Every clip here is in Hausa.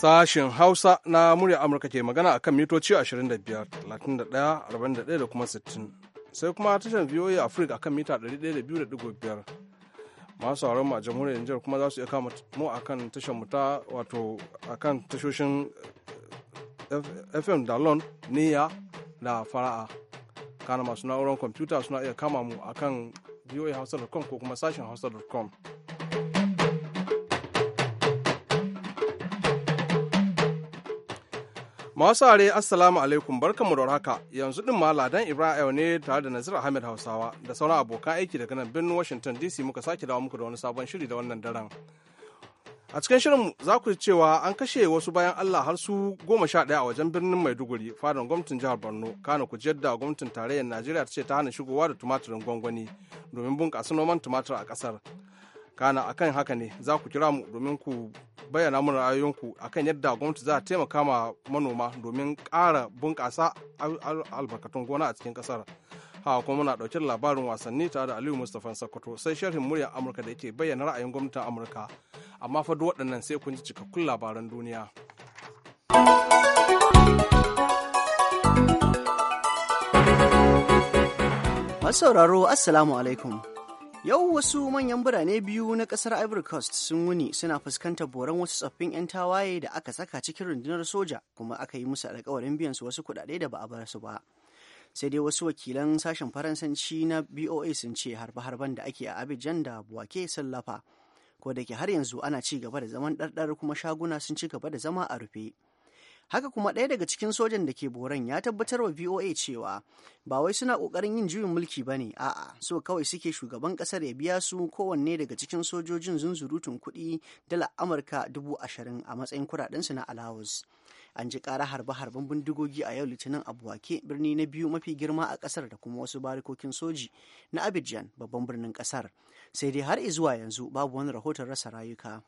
Sashen Hausa na murya Amurka ke magana akan mitoci 25, 31, 41 da kuma 60. Sai kuma tashar VOA Africa akan mita 102.5. Masu sauran mu a jamhuriyar Nijar kuma za su iya kama mu akan tashar muta ta wato akan tashoshin eh, FM Dalon, Niya da Fara'a. Kana masu na'urar kwamfuta suna iya kama mu akan voahausa.com ko kuma sashen hausa.com. Masu are assalamu alaikum barkanmu da haka yanzu din ma ladan Ibrahim ne tare da Nazir Ahmed Hausawa da sauran abokan aiki daga nan birnin Washington DC muka sake dawo muku da wani sabon shiri da wannan daren. A cikin shirin za ku cewa an kashe wasu bayan Allah har su goma sha ɗaya a wajen birnin Maiduguri fadan gwamnatin jihar Borno kana ku da gwamnatin tarayyar Najeriya ta ce ta hana shigowa da tumatirin gwangwani domin bunƙasa noman tumatir a ƙasar. kana akan haka ne za ku kira mu domin ku bayyana mana ra'ayoyinku akan yadda gwamnati za ta taimaka ma manoma domin ƙara bunƙasa albarkatun gona a cikin ƙasar haka kuma muna ɗauke da labarin wasanni tare da aliyu mustapha sokoto sai sharhin muryar amurka da yake bayyana ra'ayin gwamnatin amurka amma fa duk waɗannan sai kun ji cikakkun labaran duniya masu sauraro assalamu alaikum Yau wasu manyan birane biyu na kasar Ivory Coast sun wuni suna fuskantar boran wasu tsoffin 'yan tawaye da aka saka cikin rundunar soja kuma aka yi musu alkawarin biyan su wasu kuɗaɗe da ba a bar su ba. Sai dai wasu wakilan sashen Faransanci na BOA sun ce harbe-harben da ake a Abidjan da Buwake sun lafa. Ko da ke har yanzu ana ci gaba da zaman ɗarɗar kuma shaguna sun ci gaba da zama a rufe. haka kuma ɗaya daga cikin sojan da ke boran ya tabbatar wa voa cewa ba wai suna ƙoƙarin yin juyin mulki ba ne a'a so kawai suke shugaban ƙasar ya biya su kowanne daga cikin sojojin zunzurutun kuɗi dala amurka dubu ashirin a matsayin su na alawus an ji ƙara harbe-harben bindigogi a yau litinin abuwake birni na biyu mafi girma a ƙasar da kuma wasu barikokin soji na abidjan babban birnin ƙasar sai dai har zuwa yanzu babu wani rahoton rasa rayuka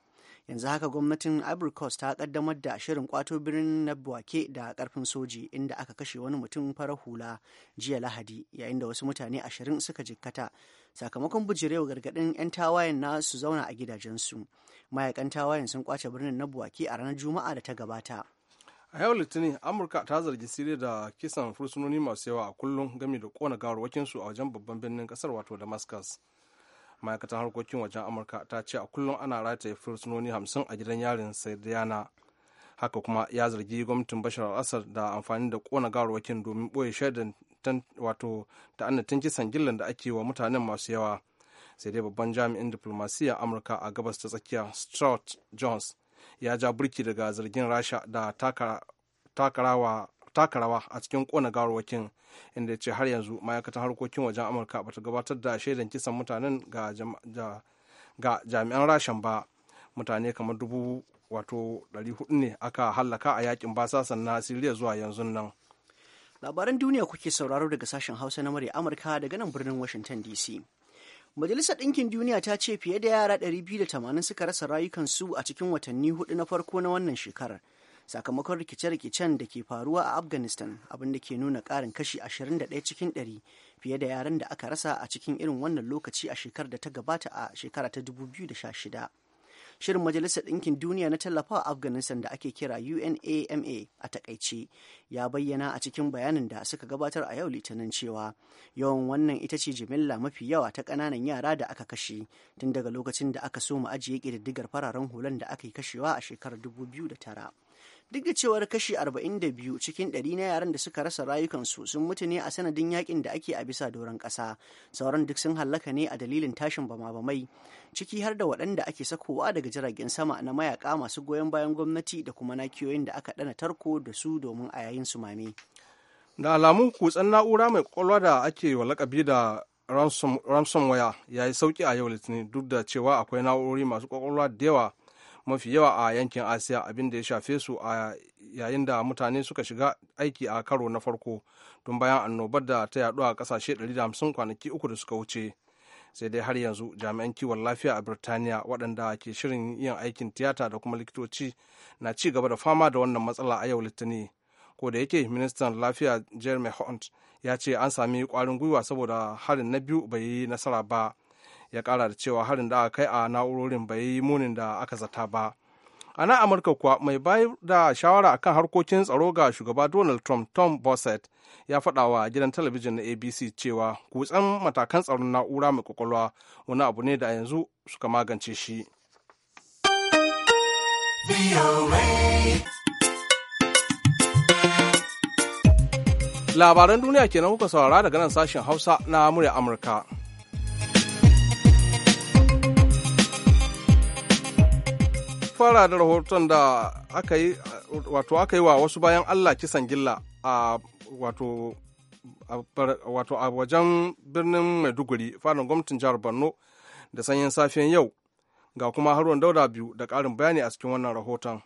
yanzu haka gwamnatin ivory ta kaddamar da shirin kwato birnin na buwake da karfin soji inda aka kashe wani mutum farar hula jiya lahadi yayin da wasu mutane ashirin suka jikkata sakamakon bujirewa gargadin 'yan tawayen na su zauna a gidajensu mayakan tawayen sun kwace birnin na buwake a ranar juma'a da ta gabata a yau litinin amurka ta zargi siriya da kisan fursunoni masu yawa a kullum game da kona gawarwakinsu a wajen babban birnin kasar wato damascus ma'aikatan harkokin wajen amurka ta ce a kullum ana rataye fursunoni hamsin a gidan yarin saidiyana haka kuma ya zargi gwamnatin bashar al-assad da amfani da kona gawarwakin domin ɓoye shaidan wato ta'annatin kisan gillan da ake wa mutanen masu yawa sai dai babban jami'in diplomasiyya amurka a gabas ta tsakiya stuart jones ya ja burki daga zargin rasha da takarawa taka rawa a cikin kona gawarwakin inda ce har yanzu ma'aikatan harkokin wajen amurka bata gabatar da shaidan kisan mutanen ga jami'an rashen ba mutane kamar dubu wato 400 ne aka hallaka a yakin basasan na siriya zuwa yanzu nan labaran duniya kuke sauraro daga sashen hausa na murya amurka daga nan birnin washington dc Majalisar Ɗinkin Duniya ta ce fiye da yara 280 suka rasa rayukansu a cikin watanni hudu na farko na wannan shekarar, sakamakon rikice-rikicen da ke faruwa a afghanistan da ke nuna ƙarin kashi 21 cikin 100 fiye da yaren da aka rasa a cikin irin wannan lokaci a shekarar da ta gabata a shekara ta 2016 shirin majalisar ɗinkin duniya na tallafawa afghanistan da ake kira unama a takaice ya bayyana a cikin bayanin da suka gabatar a yau litinin cewa yawan wannan ita ce jimilla mafi yawa ta ƙananan yara da aka kashe tun daga lokacin da aka so mu ajiye ƙididdigar fararen hulan da aka yi kashewa a shekarar 2009 duk da cewar kashi 42 cikin 100 na yaran da suka rasa rayukansu sun mutu ne a sanadin yakin da ake a bisa doron kasa sauran duk sun hallaka ne a dalilin tashin bama-bamai ciki har da waɗanda ake sakowa daga jiragen sama na mayaka masu goyon bayan gwamnati da kuma nakiyoyin da aka ɗana tarko da su domin a yayin su sumame da alamun kutsan na'ura mai kwakwalwa da ake wa lakabi da ransomware ya yi sauki a yau litinin duk da cewa akwai na'urori masu kwakwalwa da yawa mafi yawa a yankin asiya abinda ya shafe su a yayin da mutane suka shiga aiki a karo na farko tun bayan annobar da ta yaɗu a ƙasashe 150 kwanaki uku da suka wuce sai dai har yanzu jami'an kiwon lafiya a birtaniya waɗanda ke shirin yin aikin tiyata da kuma likitoci na ci gaba da fama da wannan matsala a yau litinin ko da yake ministan lafiya jeremy hunt ya ce an sami kwarin gwiwa saboda harin na biyu bai yi nasara ba ya kara da cewa harin da aka kai a na'urorin bai yi munin da aka zata ba a nan amurka kuwa mai bayar da shawara kan harkokin tsaro ga shugaba donald trump tom bossett ya faɗa wa gidan talabijin na abc cewa kutsan matakan tsaron na'ura mai kwakwalwa wani abu ne da yanzu suka magance shi labaran duniya kenan kuka saurara daga nan sashen hausa na murya amurka fara da rahoton da aka yi aka yi wa wasu bayan Allah kisan gilla a wato wato a wajen birnin Maiduguri fadan gwamnatin jihar Borno da sanyin safiyan yau ga kuma haruwan dauda biyu da ƙarin bayani a cikin wannan rahoton.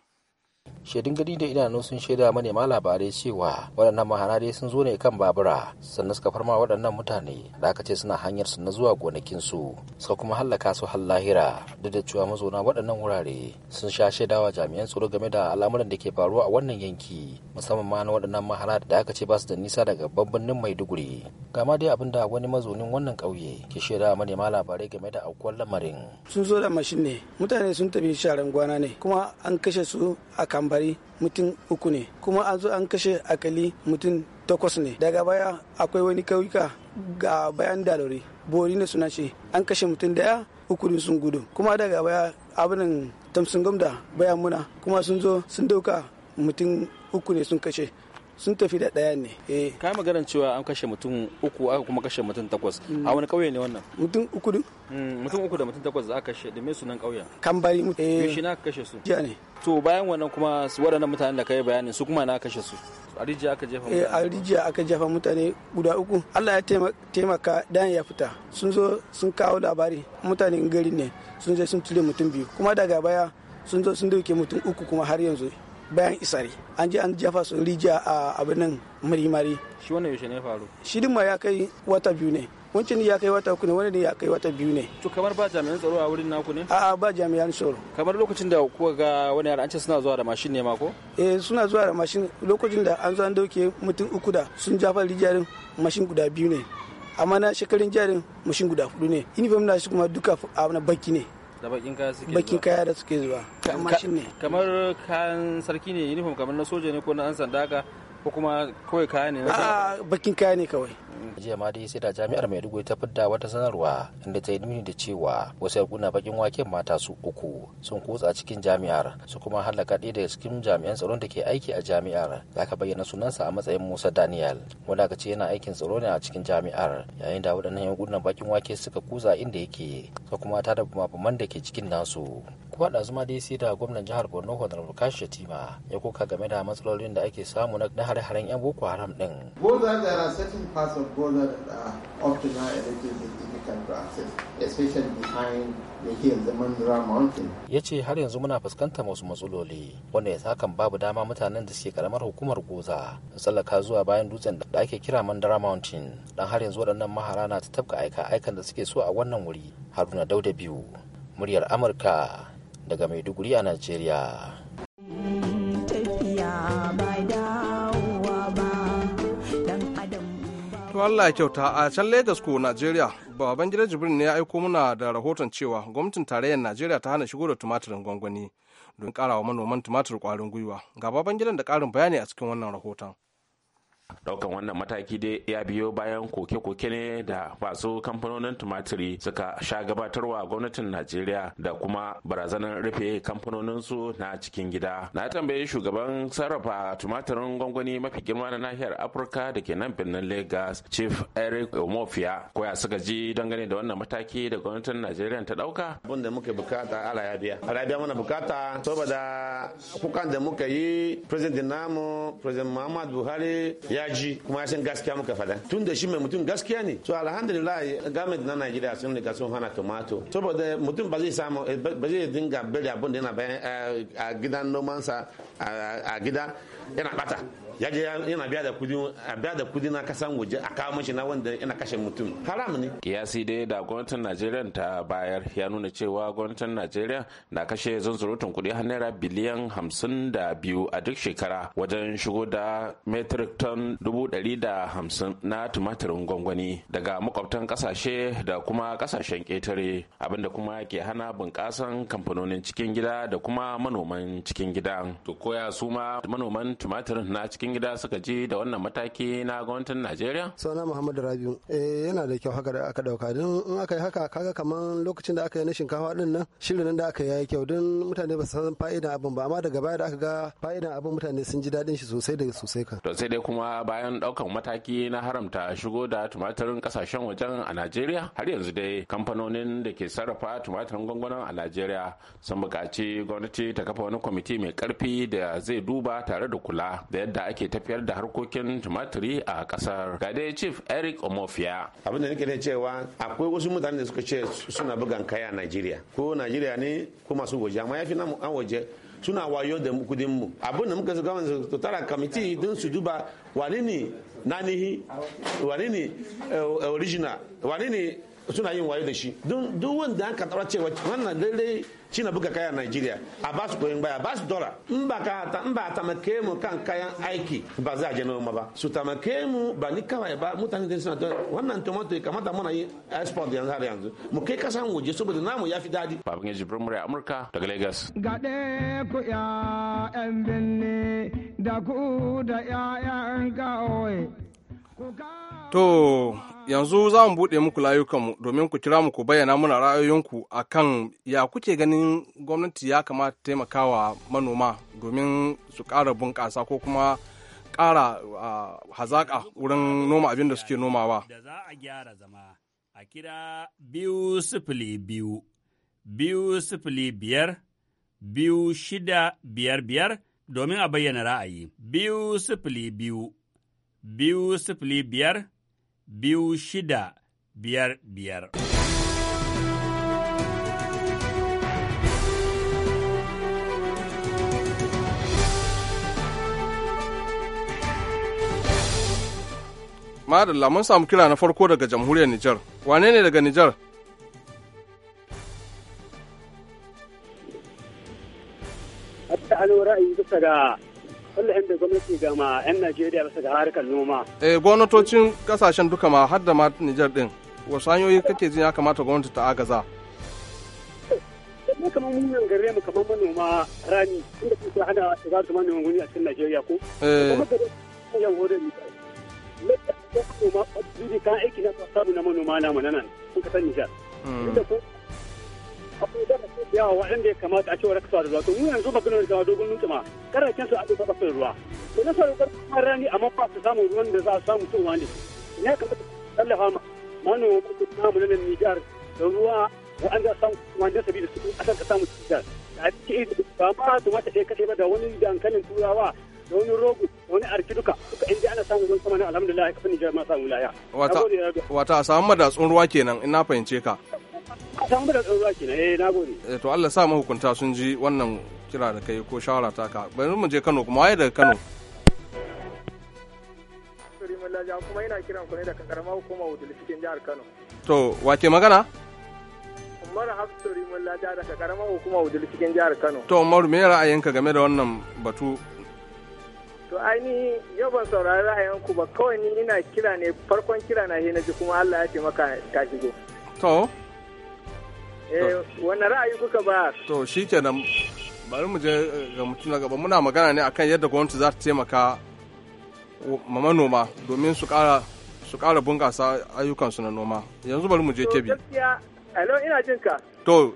shaidun gani da idanu sun shaida manema labarai cewa waɗannan mahana dai sun zo ne kan babura sannan suka farma waɗannan mutane da aka ce suna hanyar su na zuwa gonakinsu suka kuma hallaka su lahira duk da cewa mazauna waɗannan wurare sun sha shaidawa jami'an tsaro game da al'amuran da ke faruwa a wannan yanki musamman ma na waɗannan mahana da aka ce ba su da nisa daga babban birnin maiduguri kama dai abin da wani mazaunin wannan ƙauye ke shaida manema labarai game da aukuwar lamarin sun zo da mashin ne mutane sun tafi sharan gwana ne kuma an kashe su a kambari mutum uku ne kuma an zo an kashe akali mutum takwas ne daga baya akwai wani kauyuka ga bayan dalori bori ne suna ce an kashe mutum daya uku sun gudu kuma daga baya abinan tamsin gamda bayan muna kuma sun zo sun dauka mutum uku ne sun kashe sun tafi da ɗaya ne. Eh. Ka maganar cewa an kashe mutum uku aka kuma kashe mutum takwas. A wani kauye ne wannan? Mutum uku din. Hmm, mutum uku da mutum takwas za a kashe da me sunan ƙauyen bari mutum eh shi na kashe su jiya ne to bayan wannan kuma waɗannan mutanen da kai bayanin su kuma na kashe su a rijiya aka jefa eh, mutane a rijiya aka jefa mutane guda uku Allah ya taimaka dan ya fita sun zo sun kawo labari mutanen gari ne sun je sun tule mutum biyu kuma daga baya sun zo sun dauke mutum uku kuma har yanzu bayan isari an je an jefa su rijiya a abin nan marimari shi wannan yaushe ne faru shi ma ya kai wata biyu ne wancan ya kai wata uku ne wani ne ya kai wata biyu ne to kamar ba jami'an tsaro a wurin naku ne a'a ba jami'an tsaro kamar lokacin da kuka ga wani yaran ce suna zuwa da mashin ne ma ko eh suna zuwa da mashin lokacin da an zo an dauke mutum uku da sun jafa rijiyarin mashin guda biyu ne amma na shekarun jarin mashin guda hudu ne uniform na shi kuma duka a baki ne da bakin kaya suke bakin kaya da suke zuwa kamar shi ne kamar kayan sarki ne uniform kamar na soja ne ko na an sanda ka ko kuma kawai kaya ne a bakin kaya ne kawai jiya ma dai sai da jami'ar maiduguri ta fidda wata sanarwa inda ta yi nuni da cewa wasu yankuna bakin wake mata su uku sun kutsa cikin jami'ar su kuma halaka ɗaya daga cikin jami'an tsaron da ke aiki a jami'ar da aka bayyana sunansa a matsayin musa daniel wanda aka ce yana aikin tsaro ne a cikin jami'ar yayin da waɗannan yankunan bakin wake suka kutsa inda yake su kuma ta da bumabuman da ke cikin nasu kuma da zuma dai sai da gwamnan jihar borno honorable kashi shatima ya koka game da matsalolin da ake samu na hare-haren yan boko haram din. border uh, access, especially behind the hills, the Mandara mountain. Ya ce har yanzu muna fuskantar wasu matsaloli wanda ya hakan babu dama mutanen da suke karamar hukumar goza tsallaka zuwa bayan dutsen da ake kira Mandara mountain dan har yanzu waɗannan mahara na ta tafka aika aikan da suke so a wannan wuri Haruna Dauda biyu muryar Amurka daga Maiduguri a Najeriya. To Allah kyauta a can Lagos ko Najeriya, baban gidan Jibrin ne ya aiko muna da rahoton cewa gwamnatin tarayyar Najeriya ta hana shigo da tumatirin gwangwani don karawa manoman tumatir kwarin gwiwa. Ga baban gidan da karin bayani a cikin wannan rahoton. daukan wannan mataki dai ya biyo bayan koke-koke ne da masu kamfanonin tumatiri suka sha gabatarwa gwamnatin najeriya da kuma barazanar rufe kamfanoninsu na cikin gida na tambayi shugaban sarrafa tumatirin gwangwani mafi girma na nahiyar afirka da ke nan birnin lagos chief eric omofia koya suka ji dangane da wannan mataki da gwamnatin najeriya ta dauka abin da muke bukata ala ya biya ala biya mana bukata saboda kukan da muka yi president namu president muhammad buhari ya ji kuma ya san gaskiya muka faɗa tun da shi mai mutum gaskiya ne to alhamdulillah gamet na Najeriya sun riga sun hana tomato saboda mutum ba zai samu eh, ba zai dinga bari abin da yana bayan eh, a gidan nomansa a gida yana bata ya je yana biya da kudi a biya da kudi na kasan waje a kawo mashi na wanda yana kashe mutum haram ne kiyasi dai da gwamnatin Najeriya ta bayar ya nuna cewa gwamnatin Najeriya na kashe zanzurutun kudi har naira biliyan hamsin a duk shekara wajen shigo da metric ton dubu na tumatirin gwangwani daga makwabtan kasashe da kuma kasashen ketare abinda kuma ke hana bunkasan kamfanonin cikin gida da kuma manoman cikin gida to koya su ma manoman tumatirin na cikin cikin gida suka ji da wannan mataki na gwamnatin najeriya sana muhammadu rabiu eh yana da kyau haka da aka dauka don in aka yi haka kaga kamar lokacin da aka yi na shinkafa din nan shirin da aka yi kyau don mutane ba su san fa'idan abin ba amma daga baya da aka ga fa'idan abin mutane sun ji dadin shi sosai da sosai ka to sai dai kuma bayan daukan mataki na haramta shigo da tumatirin kasashen wajen a najeriya har yanzu dai kamfanonin da ke sarrafa tumatirin gwangwanin a najeriya sun buƙaci gwamnati ta kafa wani kwamiti mai karfi da zai duba tare da kula da yadda ake tafiyar da harkokin tumatiri a kasar gade dai chief eric omofia abin da nake ne cewa akwai wasu mutane da suka ce suna bugan kaya a nigeria ko nigeria ne ko masu waje amma ya fi nan an waje suna wayo da kudin mu abin da muka su gama su tara kamiti don su duba wani ne nanihi wani ne eh, original wani ne suna yin wayo da shi don duk wanda an ka cewa wannan daidai na buga kayan nigeria a ba su koyin baya ba su dola in ba ka ta mu kan kayan aiki baza je noma ba su tamake mu ba ni kawai ba mutane da suna wannan tomato ya kamata muna yi export yanzu har yanzu mu kai kasan waje saboda namu ya fi dadi babin yaji murya amurka daga lagos ga ku ya yan daku da ku da ya yan kawai To yanzu za mu buɗe muku layukanmu domin ku kira mu ku bayyana muna ra'ayoyinku a kan ya kuke ganin gwamnati ya kamata taimakawa manoma domin su ƙara bunƙasa ko kuma ƙara hazaƙa wurin noma abin da suke nomawa. Da za a gyara zama a kira biyu sifili biyu, biyu sifili biyar, biyu shida biyar biyar domin a bayyana ra'ayi. Biyu sifili biyu, biyu sifili biyar, biyu shida biyar biyar. Madalla mun samu kira na farko daga jamhuriyar Nijar. Wane ne daga Nijar? Hatta ra'ayi bisa da. kullum da gwamnati ga ma 'yan Najeriya bisa ga harkar noma. Eh gwamnatocin kasashen duka ma har da ma Nijar din. Wasu hanyoyi kake jin kamata gwamnati ta agaza? ne kamar mun gare mu kamar manoma rani inda hana da a cikin Najeriya ko? Eh. Kuma gare yan hore kuma aiki na samu na manoma na kun ka san Nijar. Hmm. Inda kuma akwai zarafin da yawa waɗanda ya kamata a cewa raka sa da ruwa to mu yanzu maganar da dogon nuntuma su a duka kafin ruwa to na rani amma ba su samu ruwan da za a samu to wani ne ka tallafa ma manoma ko namu na Nijar da ruwa waɗanda samu wanda sabida su samu a ba ma ɗaya ba da wani dankalin turawa da wani rogo wani arki duka duka in ana samun ruwan sama alhamdulillah ma samu laya. Wata a samu madatsun ruwa kenan in na fahimce ka. san mu da tsoron eh na gode eh to Allah sa mahukunta sun ji wannan kira da kai ko shawara ta ka bari mu je Kano kuma waye daga Kano kuma ina kiran ku ne daga karamar hukumar wudul cikin jihar Kano to wace magana Umar Hafsuri Rimin daga karamar hukumar wudul cikin jihar Kano to Umar me ra'ayinka game da wannan batu to ainihin yau ban saurari ra'ayinku ba kawai ni ina kira ne farkon kira na shi na ji kuma Allah ya taimaka ka shigo to Eh, wani ra'ayi kuka ba to shi kenan bari mu je eh, ga mutum na gaba muna magana ne akan yadda gwamnati za ta taimaka ma manoma domin su kara su kara bunkasa ayyukansu na noma yanzu bari mu je kebi alo ina jin ka to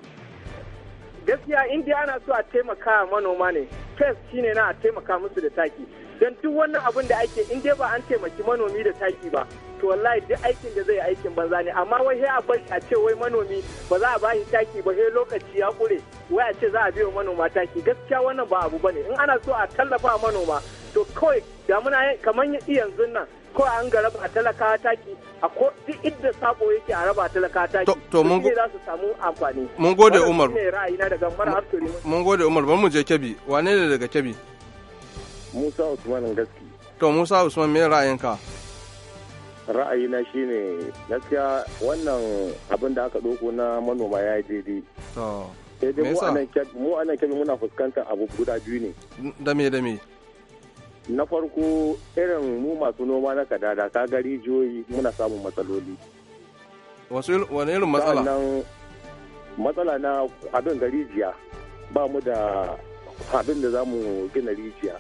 gaskiya indiya ana so a taimaka manoma ne fes shine na a taimaka musu da taki don duk wannan abin da ake in ba an taimaki manomi da taki ba to wallahi duk aikin da zai yi aikin banza ne amma wai sai a a ce wai manomi ba za a ba shi taki ba sai lokaci ya kure wai a ce za a biyo manoma taki gaskiya wannan ba abu bane in ana so a tallafa manoma to kawai muna kamar yanzu nan ko an ga raba talaka taki a ko duk inda sako yake a raba talaka taki to mun za su samu amfani mun gode Umar mun gode Umar ban mu je kebi wane ne daga kebi Musa Usman gaski to Musa Usman me ra'ayinka ra'ayina ne gaskiya wannan abin da aka doko na manoma ya yi daidai sai dai mu anan kebbi muna fuskantar abu guda biyu ne dame dame na farko irin mu masu noma na kadada ka gari joyi muna samun matsaloli wani irin matsala matsala na abin da rijiya ba mu da abin da za mu gina rijiya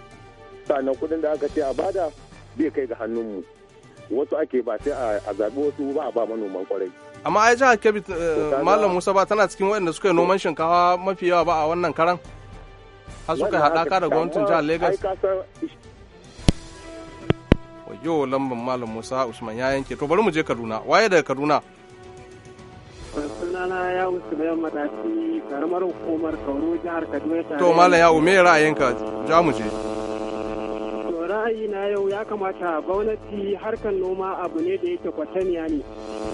sannan kudin da aka ce a bada bai kai ga hannunmu mu wasu ake ba sai a zaɓi wasu ba a ba manoman kwarai amma ai jihar kebbi eh, malam musa ba tana cikin waɗanda suka yi noman shinkawa mafi yawa ba a wannan karan har suka yi haɗaka da gwamnatin jihar lagos wajo lambar malam musa usman ya yanke to bari mu je kaduna waye daga kaduna sunana ya wuce bayan matashi karamar hukumar kauro jihar kaduna to malam ya ume ra'ayinka ja mu je na yau ya kamata gwamnati harkar noma abu ne da yake kwatanya ne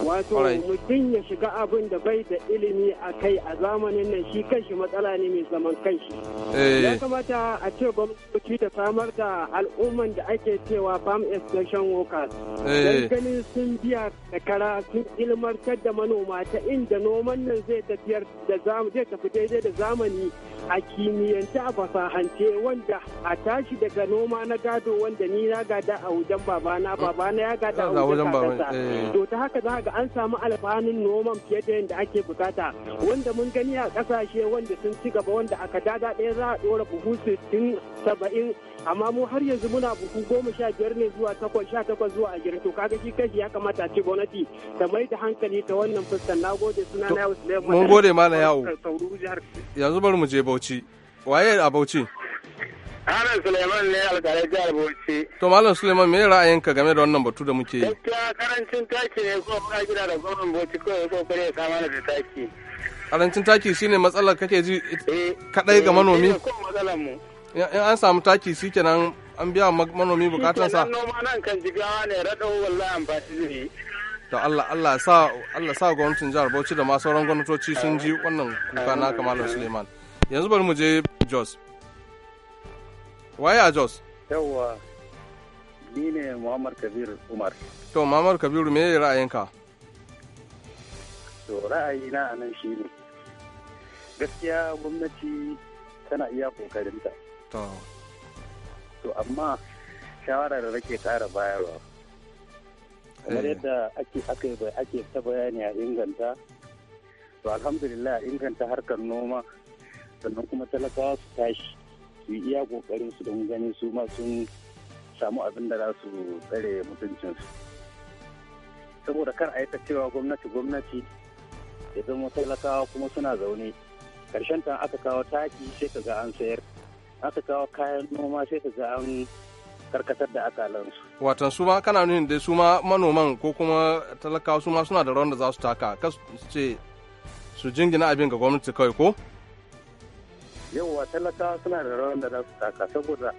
wato mutum ya shiga abin da bai da ilimi a kai a zamanin nan shi kanshi matsala ne mai zaman kanshi eh. ya kamata a ce gwamnati ta samar da al'umman da ake cewa farm extension workers eh. don ganin sun biya da kara sun ilmartar da manoma ta inda noman nan zai tafiyar da zai tafi daidai da zamani a kimiyyance a fasahance wanda a tashi daga noma na gado gado wanda ni na gada a wajen babana ah. babana ya gada ah, a wajen kakansa eh. to ta haka za ga an samu alfanun noman fiye da yadda ake bukata ah. wanda mun gani a kasashe wanda sun ci gaba wanda aka dada ɗaya za a ɗora buhu sittin saba'in amma mu har yanzu muna buhu goma sha biyar ne zuwa takwas sha takwas zuwa ashirin to kaga shi kashi ya kamata a ci gwamnati ta mai da hankali ta wannan fuskan na gode suna na yau mun gode ma na yawo yanzu bari mu je bauchi waye a bauchi Ahmed Suleiman ne alƙalai jihar Bauchi. To Malam Suleiman me ka game da wannan batu da muke yi? Gaskiya karancin taki ne ko muna gida da gwamnan Bauchi ko ya kokari ya samu da taki. Karancin taki shine matsalar kake ji eh, kadai ga eh, manomi? In an samu taki shikenan an biya manomi bukatansa. Ina noma nan kan jigawa ne raɗau wallahi amfani zai To Allah Allah sa Allah sa gwamnatin jihar Bauchi da ma sauran gwamnatoci sun ji wannan kuka na Kamalu Suleiman. Yanzu bari mu je Jos. waye a jos yawwa ni ne muhammad kabir umar to muhammad Kabir me ra'ayinka to ra'ayina a nan shi ne gaskiya gwamnati tana iya kokarinta to to amma shawara da nake tara bayarwa kamar eh. yadda ake aka ake ta bayani a inganta to alhamdulillah inganta harkar noma sannan kuma talakawa su tashi su yi iya kokarin su don ganin su ma sun samu abin da za su tsare mutuncinsu saboda kan a yi ta cewa gwamnati gwamnati ya zama talakawa kuma suna zaune karshen ta aka kawo taki sai ka ga an sayar aka kawo kayan noma sai ka ga an karkatar da akalansu watan su ma kana nuni da su ma manoman ko kuma talakawa su ma suna da rawan da za su taka kas ce su jingina abin ga gwamnati kawai ko yauwa talakawa suna da rawar da za su taka saboda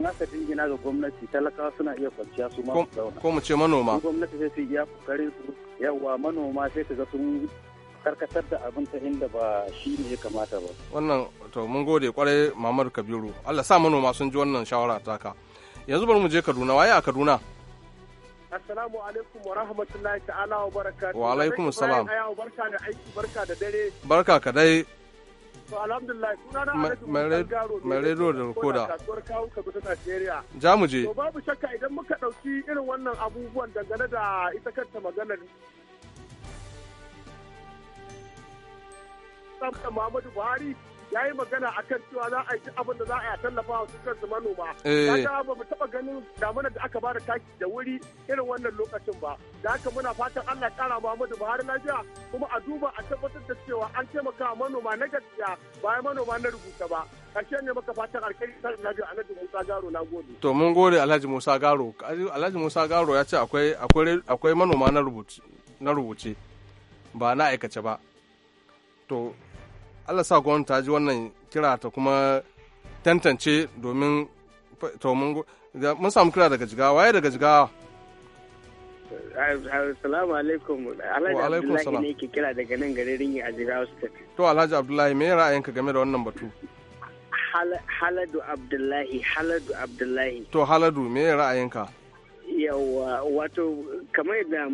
na ka dingina ga gwamnati talakawa suna iya kwanciya su ma zauna ko mu ce manoma gwamnati sai su iya kokarin su yauwa manoma sai ka ga sun karkatar da abin ta inda ba shi ne ya kamata ba wannan to mun gode kwarai mamadu kabiru allah sa manoma sun ji wannan shawara taka yanzu bari mu je kaduna waye a kaduna Assalamu alaikum wa rahmatullahi ta'ala wa barakatuhu. Wa alaikum salam. Barka da aiki, barka da dare. Barka ka dai. To alhamdulillah sunana Alhaji Garo mai rediyo da rikoda. Kasuwar kawo Kaduna Najeriya. Za mu je. To babu shakka idan muka ɗauki irin wannan abubuwan dangane da ita kanta maganar Muhammadu Buhari ya yi magana a kan cewa za a yi abin da za a yi tallafa wa su manoma. ya eh. ba mu taɓa ganin damuna da aka bada taki da wuri irin wannan lokacin ba. Da haka muna fatan Allah ƙara Muhammadu Buhari lafiya kuma a duba a tabbatar da cewa an taimaka manoma na gaskiya ba manoma na rubuta ba. Ƙarshe ne maka fatan alkhairi ta Alhaji Musa Garo na gode. To mun gode Alhaji Musa Garo. Alhaji Musa Garo ya ce akwai manoma na rubuce ba na aikace ba. To allah sa gwamnati ta ji wannan kira ta kuma tantance domin mun samu kira daga jigawa waye daga jigawa Assalamu alaikum. Alhaji Abdullahi ne ke kira daga nan garin Rinyi a Jigawa State. To Alhaji Abdullahi me ra'ayinka game da wannan batu? Haladu Abdullahi, Haladu Abdullahi. To Haladu me ra'ayinka? Yawa wato kamar yadda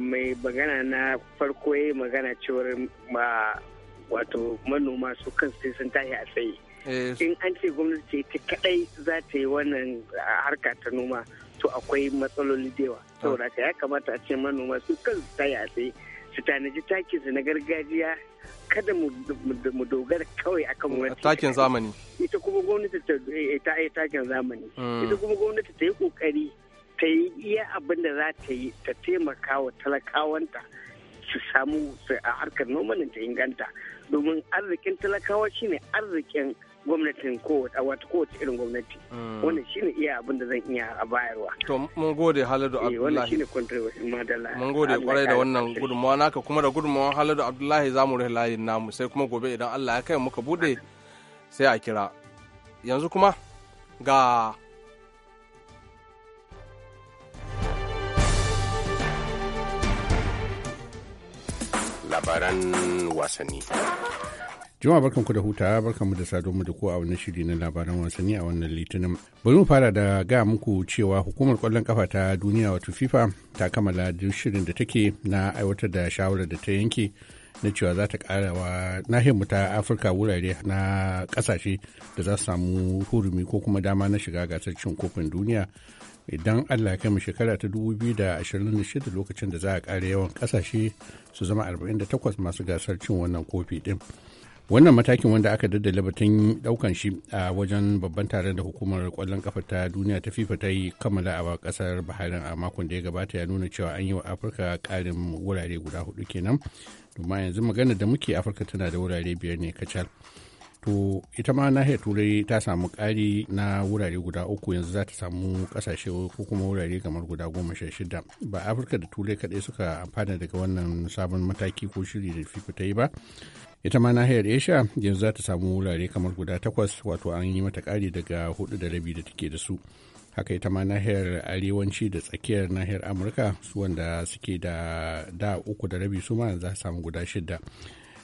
mai magana na farko ya magana cewar wato manoma su kan sai sun tashi a tsaye eh, in an ce gwamnati ce ta kadai za ta yi wannan harka ta noma to akwai matsaloli da yawa ah. saboda ya kamata a ce manoma su kan su tashi a tsaye su tanaji takin su na gargajiya kada mu dogara kawai akan wani takin zamani ita kuma gwamnati ta eh, yi takin zamani hmm. ita kuma gwamnati ta yi kokari ta yi iya abin da za ta yi ta taimaka wa talakawanta su samu a harkar noman ta inganta domin arzikin talakawa shine arzikin gwamnatin wato kowace irin gwamnati mm. wannan shine iya abin da zan iya a bayarwa to mun gode haladu eh, abdullahi wannan shine contribution madalla mun gode kwarai da wannan gudunmawa naka kuma da gudunmawa haladu abdullahi zamu rufe layin namu sai kuma gobe idan Allah ya kai muka bude sai a kira yanzu kuma ga labaran wasanni. Juma'a barkanku da hutawa barkanmu da sado mu da ko a wannan shiri na labaran wasanni a wannan litinin. Bari mu fara da ga muku cewa hukumar kwallon kafa ta duniya wato FIFA ta kammala duk shirin da take na aiwatar da shawarar da ta yanke na cewa za ta kara wa nahiyar ta Afirka wurare na kasashe da za su samu hurumi ko kuma dama na shiga gasar cin kofin duniya idan allah ya kama shekara ta 2026 lokacin da za a ƙara yawan kasashe su zama 48 masu gasar cin wannan kofi ɗin wannan matakin wanda aka daddala batun daukan shi a wajen babban taron da hukumar kwallon kafa ta duniya ta fifa ta yi kammala a ƙasar Bahrain a makon da ya gabata ya nuna cewa an yi wa afirka karin wurare guda hudu kenan domin yanzu magana da muke afirka tana da wurare biyar ne kacal to ita ma nahiyar turai ta samu kari na wurare guda uku yanzu za ta samu ƙasashe ko kuma wurare kamar guda goma sha shida ba afirka da turai kaɗai suka amfana daga wannan sabon mataki ko shiri da fifa ta yi ba ita ma nahiyar asia yanzu za ta samu wurare kamar guda takwas wato an yi mata kari daga hudu da rabi da take da su haka ita ma nahiyar arewanci da tsakiyar nahiyar amurka su wanda suke da da uku da rabi su ma za su samu guda shida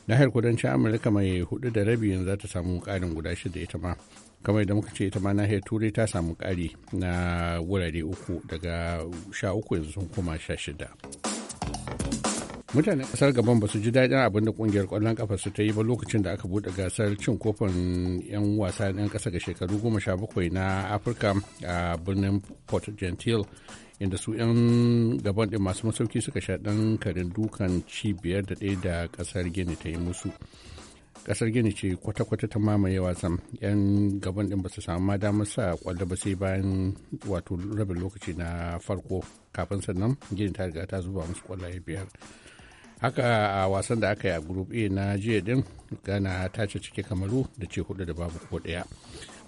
nahiyar kudancin amurka mai hudu da rabi yanzu za ta samu karin guda shida ita ma kamar da muka ce ita ma nahiyar turai ta samu kari na wurare uku daga sha uku yanzu sun koma sha shida mutanen kasar gaban ba su ji daɗin abin da kungiyar ƙwallon ƙafa su ta yi ba lokacin da aka buɗe gasar cin kofin 'yan wasa 'yan ƙasa ga shekaru goma sha bakwai na afirka a birnin port gentile inda su 'yan gaban ɗin masu masauki suka sha ɗan karin dukan ci biyar da ɗaya da ƙasar gini ta yi musu ƙasar gini ce kwata-kwata ta mamaye wasan 'yan gaban ɗin ba su samu ma damar sa kwallo ba sai bayan wato rabin lokaci na farko kafin sannan gini ta riga ta zuba musu kwallaye biyar haka a wasan da aka yi a group a na jiya din gana ta ce cike kamaru da ce hudu da babu ko daya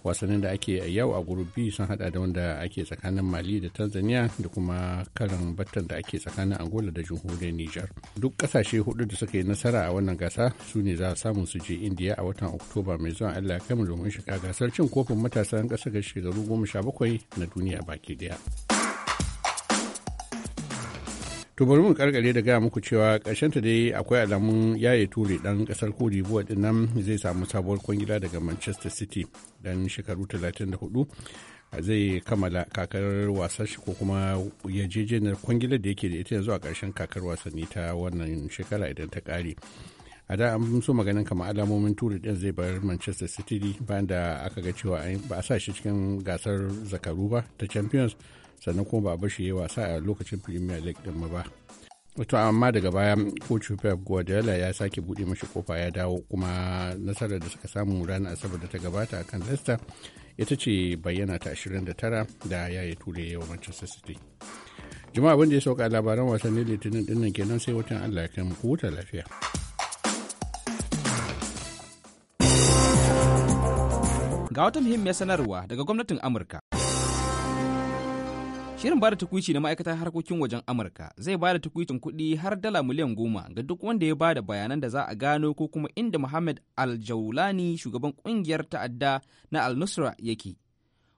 wasannin da ake a yau a biyu sun hada da wanda ake tsakanin mali da tanzania da kuma karin battan da ake tsakanin angola da jamhuriyar niger duk kasashe hudu da suka yi nasara a wannan gasa su ne za a samu su je indiya a watan oktoba mai zuwa allah kai mu domin shiga gasar cin kofin matasan ƙasa ga shekaru goma sha bakwai na duniya baki daya. to bari mu karkare da gaya muku cewa karshen ta dai akwai alamun yaye ture dan kasar kodi buwa dinnan zai samu sabuwar kwangila daga manchester city dan shekaru 34 zai kammala kakar wasan shi ko kuma yarjejeniyar kwangilar da yake da ita yanzu a karshen kakar wasanni ta wannan shekara idan ta kare a da an so maganin kama alamomin turi din zai bar manchester city bayan da aka ga cewa ba a sa shi cikin gasar zakaru ba ta champions sannan kuma ba bashi yi wasa a lokacin premier league din ma ba wato amma daga baya coach pep guardiola ya sake buɗe mashi kofa ya dawo kuma nasarar da suka samu ranar asabar da ta gabata akan leicester ita ce bayyana ta 29 da ya yi ture wa manchester city jama'a abin da ya sauka labaran wasanni litinin dinnan kenan sai watan allah ya mu lafiya ga wata muhimmiyar sanarwa daga gwamnatin amurka Shirin ba da tukuici na ma'aikatar harkokin wajen Amurka zai ba da tukuicin kuɗi har dala miliyan goma ga duk wanda ya ba da bayanan da za a gano ko kuma inda Muhammad al shugaban ƙungiyar ta'adda na alnusra yake.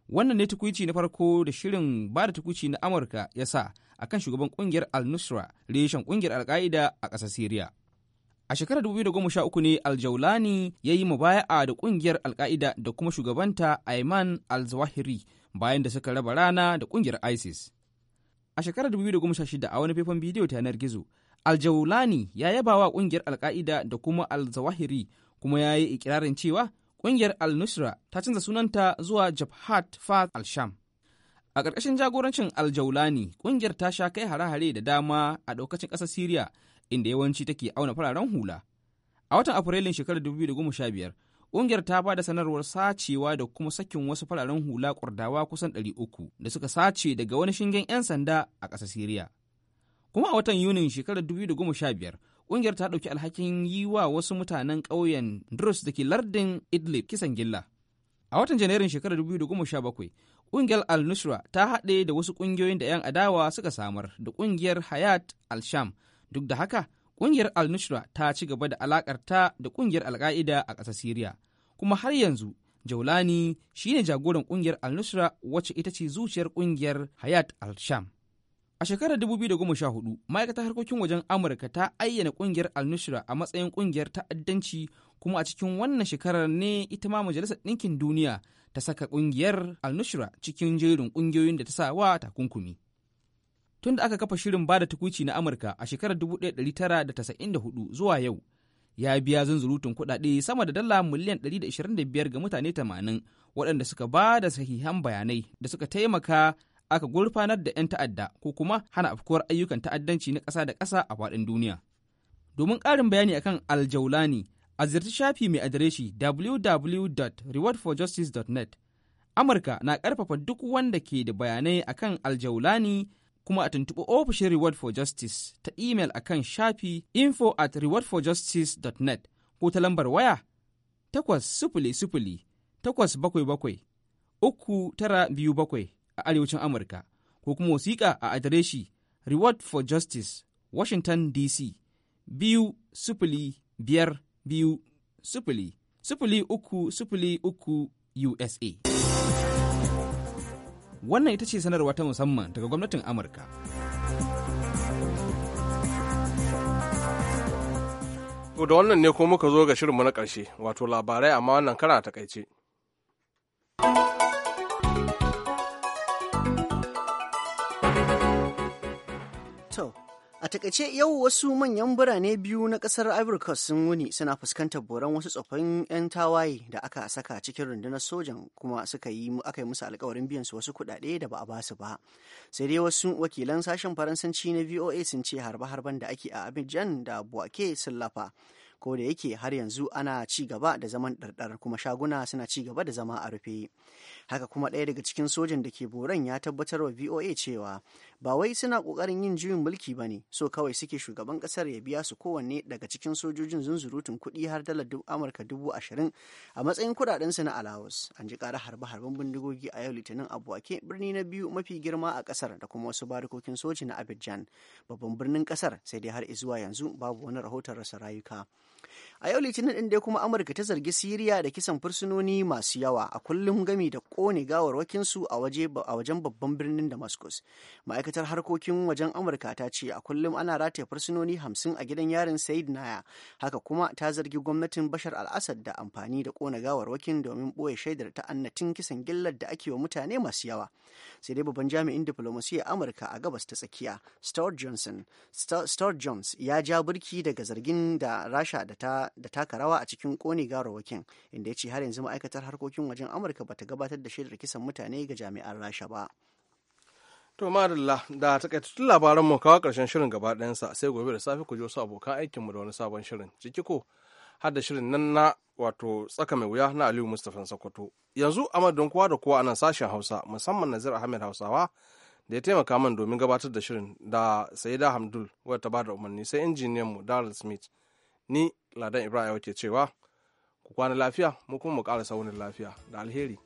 Wannan ne tukuici na farko da shirin ba da tukuici na Amurka ya sa akan shugaban kungiyar alnusra reshen ƙungiyar al a ƙasar Siriya. A shekarar 2013 ne al ya yi mubaya'a da kungiyar al da kuma shugabanta Ayman Al-Zawahiri bayan da suka raba rana da ƙungiyar isis a shekarar 2016 a wani faifan bidiyo ta yanar gizo aljaulani ya yaba wa ƙungiyar alka'ida da kuma alzawahiri kuma ya yi ikirarin cewa ƙungiyar al-nusra ta canza sunanta zuwa jabhat fat al-sham a ƙarƙashin jagorancin aljaulani ƙungiyar ta sha kai hare-hare da dama a ɗaukacin ƙasar siriya inda yawanci take auna fararen hula a watan afrilun shekarar 2015 Ƙungiyar ta ba da sanarwar sacewa da kuma sakin wasu fararen hula kurdawa kusan 300 da suka sace daga wani shingen 'yan sanda a ƙasar Siriya. Kuma a watan Yunin shekarar 2015, ƙungiyar ta ɗauki alhakin yi wa wasu mutanen ƙauyen Drus da ke lardin Idlib kisan gilla. A watan Janairun shekarar 2017, ƙungiyar Al-Nusra ta haɗe da wasu ƙungiyoyin da 'yan adawa suka samar da ƙungiyar Hayat al-Sham. Duk da haka, Ƙungiyar al-Nusra ta ci gaba da alakarta da ƙungiyar al-Qaida a ƙasar Siriya, kuma har yanzu Jaulani shine jagoran ƙungiyar al-Nusra wacce ita ce zuciyar ƙungiyar Hayat al-Sham. A shekarar 2014, ma'aikatar harkokin wajen Amurka ta ayyana ƙungiyar al-Nusra a matsayin ƙungiyar ta'addanci kuma a cikin wannan shekarar ne ita ma Majalisar Ɗinkin Duniya ta saka ƙungiyar al-Nusra cikin jerin ƙungiyoyin da ta sa wa takunkumi. Tun da aka kafa shirin bada tukuci na Amurka a shekarar 1994 zuwa yau, ya biya zunzurutun kuɗaɗe sama da dala miliyan 125 ga mutane 80 waɗanda suka ba da sahihan bayanai da suka taimaka aka gurfanar da 'yan ta'adda ko kuma hana afkuwar ayyukan ta'addanci na ƙasa da ƙasa a faɗin duniya. Domin ƙarin bayani akan aljaulani, a ziyarci shafi mai adireshi www.rewardforjustice.net. Amurka na ƙarfafa duk wanda ke da bayanai akan aljaulani kuma a tuntuɓi ofishin Reward for Justice ta imel a kan shafi info at rewardforjustice.net ko ta lambar waya takwas sifili sifili takwas bakwai bakwai uku a arewacin Amurka ko kuma wasiƙa a adireshi Reward for Justice Washington DC biyu sifili biyar biyu sifili sufuli uku sufuli uku USA. Wannan ita ce sanarwa ta musamman daga gwamnatin Amurka. da wannan ne ko muka zo ga shirinmu na ƙarshe wato labarai amma wannan kara takaice. To, A takaice yau wasu manyan birane biyu na kasar Ivory Coast sun wuni suna fuskantar boran wasu tsofaffin 'yan tawaye da aka saka cikin rundunar sojan kuma suka yi aka yi musu alkawarin biyan su wasu kuɗaɗe da ba a basu ba. Sai dai wasu wakilan sashen Faransanci na VOA sun ce harba-harban da ake a Abidjan da Buake sun lafa. Ko da yake har yanzu ana ci gaba da zaman ɗarɗar kuma shaguna suna ci gaba da zama a rufe. Haka kuma ɗaya daga cikin sojan da ke boran ya tabbatar wa VOA cewa ba wai suna kokarin yin juyin mulki ba ne so kawai suke shugaban kasar ya biya su kowanne daga cikin sojojin zunzurutun kuɗi har dala dalar amurka dubu ashirin a matsayin su na alawus an ji kara harbe-harben bindigogi a yau litinin abuwake birni na biyu mafi girma a ƙasar da kuma wasu barikokin soji na abidjan babban birnin ƙasar sai dai har izuwa yanzu babu wani rahoton rasa rayuka a yau litinin ɗin dai kuma amurka ta zargi siriya da kisan fursunoni masu yawa a kullum gami da ƙone gawarwakinsu a wajen babban birnin damascus ma'aikatar harkokin wajen amurka ta ce a kullum ana rataye fursunoni hamsin a gidan yarin said naya haka kuma ta zargi gwamnatin bashar al-assad da amfani da kone gawarwakin domin ɓoye shaidar ta'annatin kisan gillar da ake wa mutane masu yawa sai dai babban jami'in diflomasiyyar amurka a gabas ta tsakiya stuart johnson stuart jones ya ja burki daga zargin da rasha da ta da taka rawa a cikin kone gawarwakin inda ya ce har yanzu ma'aikatar harkokin wajen amurka bata gabatar da shaidar kisan mutane ga jami'an rasha ba to madalla da takaitattun labaran mu kawo karshen shirin gaba ɗayansa sai gobe da safe ku je wasu abokan aikin mu da wani sabon shirin ciki ko har da shirin nan na wato tsaka mai wuya na aliyu mustapha sokoto yanzu a madadin kowa da kowa a nan sashen hausa musamman nazir ahmed hausawa da ya taimaka man domin gabatar da shirin da saida hamdul wadda ta ba da umarni sai injiniyanmu darrell smith ni ladan ibrahim ke cewa ku kwana lafiya mu kuma mu ƙara saunin lafiya da alheri